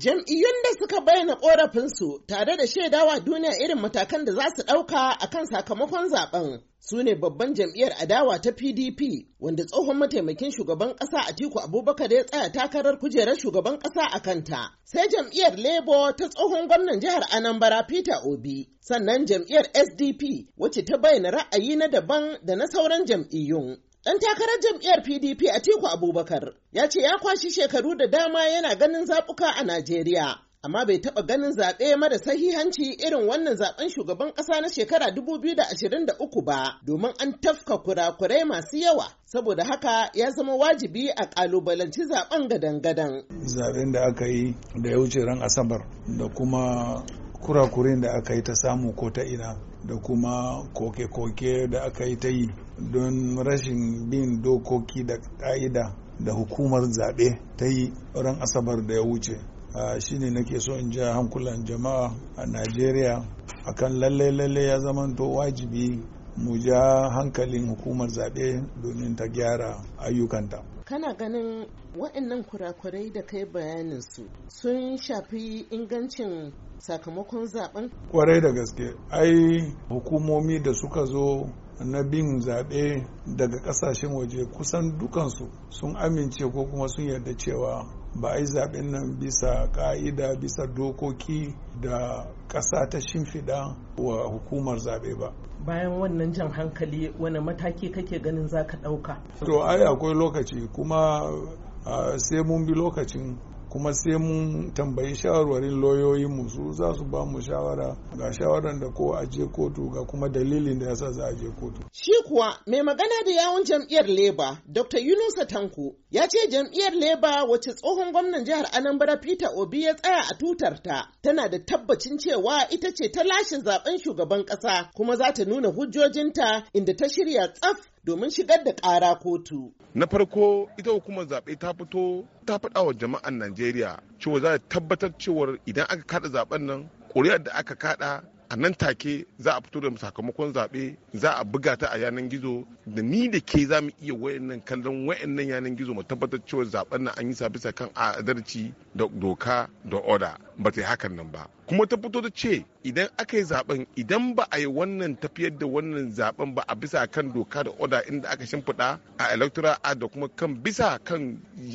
Jam'iyyun da suka bayyana korafinsu tare da shaidawa duniya irin matakan da za su ɗauka a kan sakamakon zaben su ne babban jam'iyyar adawa ta PDP wanda tsohon mataimakin shugaban ƙasa tiku Abubakar ya tsaya takarar kujerar shugaban ƙasa a kanta. Sai jam'iyyar Labour ta tsohon gwamnan jihar Anambra Peter Obi, sannan jam'iyyar SDP wacce ta bayyana ra'ayi na daban da na sauran jam'iyyun. Ɗan takarar jam'iyyar PDP a tiku Abubakar ya ce ya kwashi shekaru da dama yana ganin zaɓuka a Najeriya. amma bai taɓa ganin zaɓe mara sahihanci irin wannan zaɓen shugaban ƙasa na shekara 2023 ba domin an tafka kurakurai masu yawa saboda haka ya zama wajibi a ƙalubalanci zaɓen gadan-gadan. zaɓen da aka yi da ya wuce ran asabar da kuma kurakurin da aka yi ta samu ko ta ina da kuma koke-koke da aka yi ta yi don rashin bin dokoki da ƙa'ida da hukumar zaɓe ta yi ran asabar da ya wuce shine nake so in ja hankulan jama'a a najeriya akan lalle-lalle ya zama to wajibi mu ja hankalin hukumar zaɓe domin ta gyara ayyukanta kana ganin waɗannan kurakurai da kai bayanin su sun shafi ingancin sakamakon zaben? Kwarai da gaske, ai hukumomi da suka zo na bin zaɓe daga ƙasashen waje kusan dukansu sun amince ko kuma sun yarda cewa ba a yi zaɓen nan bisa ƙa'ida bisa dokoki da ƙasa ta shimfiɗa wa hukumar zaɓe ba. bayan wannan jan hankali wani mataki kake ganin za ka ɗauka? to ai akwai lokaci kuma sai mun bi lokacin kuma sai mun tambayi shawarwarin lauyoyinmu su za su ba mu shawara ga shawaran da ko a je kotu ga kuma dalilin da yasa za a je kotu. Shi kuwa mai magana da yawon jam'iyyar Leba Dr. Yunusa Tanko ya ce jam'iyyar Leba wacce tsohon gwamnan jihar Anambra Peter Obi ya tsaya a tutar ta tana da tabbacin cewa ita ce ta lashe zaben shugaban kasa kuma za ta nuna hujjojinta inda ta shirya tsaf domin shigar da ƙara kotu. Na farko ita hukumar zaɓe ta fito ta faɗa wa jama'an Najeriya cewa za ta tabbatar cewar idan aka kada zaɓen nan ƙuri'ar da aka kada a nan take za a fito da sakamakon zaɓe za a buga ta a yanan gizo da ni da ke za mu iya wayannan kallon wayannan yanan gizo mu tabbatar cewa zaben nan an yi sa bisa kan adalci da doka da oda ba ta yi hakan nan ba kuma ta fito ta ce idan aka yi zaben idan ba a yi wannan tafiyar da wannan zaben ba a bisa kan doka da oda inda aka shimfiɗa a electoral da kuma kan bisa kan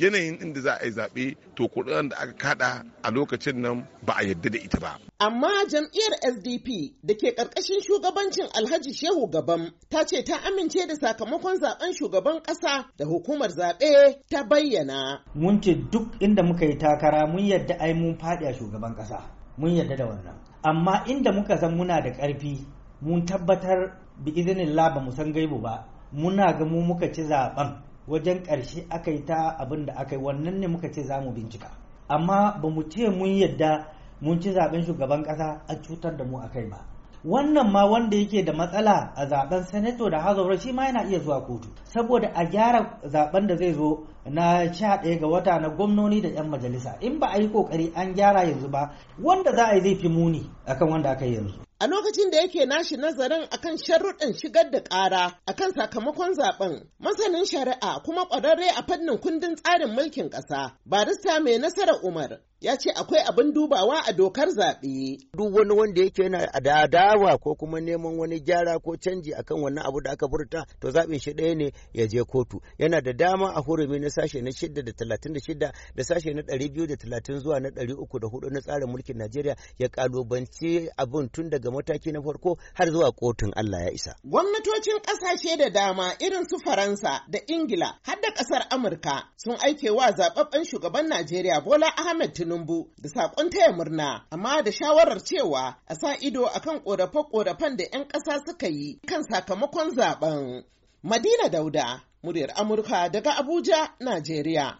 yanayin inda za a yi zaɓe to kuɗin da aka kada a lokacin nan ba a yarda da ita ba. Amma jam'iyyar SDP da ke ƙarƙashin shugabancin Alhaji Shehu gaban ta ce ta amince da sakamakon zaben shugaban ƙasa da hukumar zaɓe ta bayyana. Mun ce duk inda muka yi takara mun yarda ai mun faɗi a shugaban. shugaban ƙasa mun yarda da wannan amma inda muka san muna da ƙarfi mun tabbatar bi izinin ba mu san gaibu ba muna ga mu muka ci zaben wajen ƙarshe aka yi ta abin da aka yi wannan ne muka ce za mu bincika amma ba mu ce mun yarda mun ci zaben shugaban ƙasa a cutar da mu a kai ba wannan ma wanda yake da matsala a zaben senator da hazo shi ma yana iya zuwa kotu saboda a gyara zaben da zai zo na sha ɗaya ga wata na gwamnoni da 'yan majalisa in ba a yi kokari an gyara yanzu ba wanda za a yi zai fi muni akan wanda aka yi yanzu a lokacin da yake nashi nazarin akan sharruɗin shigar da ƙara akan sakamakon zaben masanin shari'a kuma ƙwararre a fannin kundin tsarin mulkin ƙasa barista mai nasarar umar ya ce akwai abin dubawa a dokar zaɓe. Duk wani wanda yake yana adawa ko kuma neman wani gyara ko canji akan wannan abu da aka furta to zaɓe shi ɗaya ne ya je kotu. Yana da dama a hurumi na sashe na shida da talatin da shida da sashe na ɗari biyu da talatin zuwa na ɗari uku da hudu na tsarin mulkin Najeriya ya ƙalubanci abin tun daga mataki na farko har zuwa kotun Allah ya isa. Gwamnatocin ƙasashe da dama irin su Faransa da Ingila har da ƙasar Amurka sun aike wa zaɓaɓɓen shugaban Najeriya Bola Ahmed Tinubu Tinubu da saƙon taya murna amma da shawarar cewa a sa ido akan ƙorafe-ƙorafen da 'yan ƙasa suka yi kan sakamakon zaben. Madina Dauda, muryar Amurka daga Abuja, Najeriya.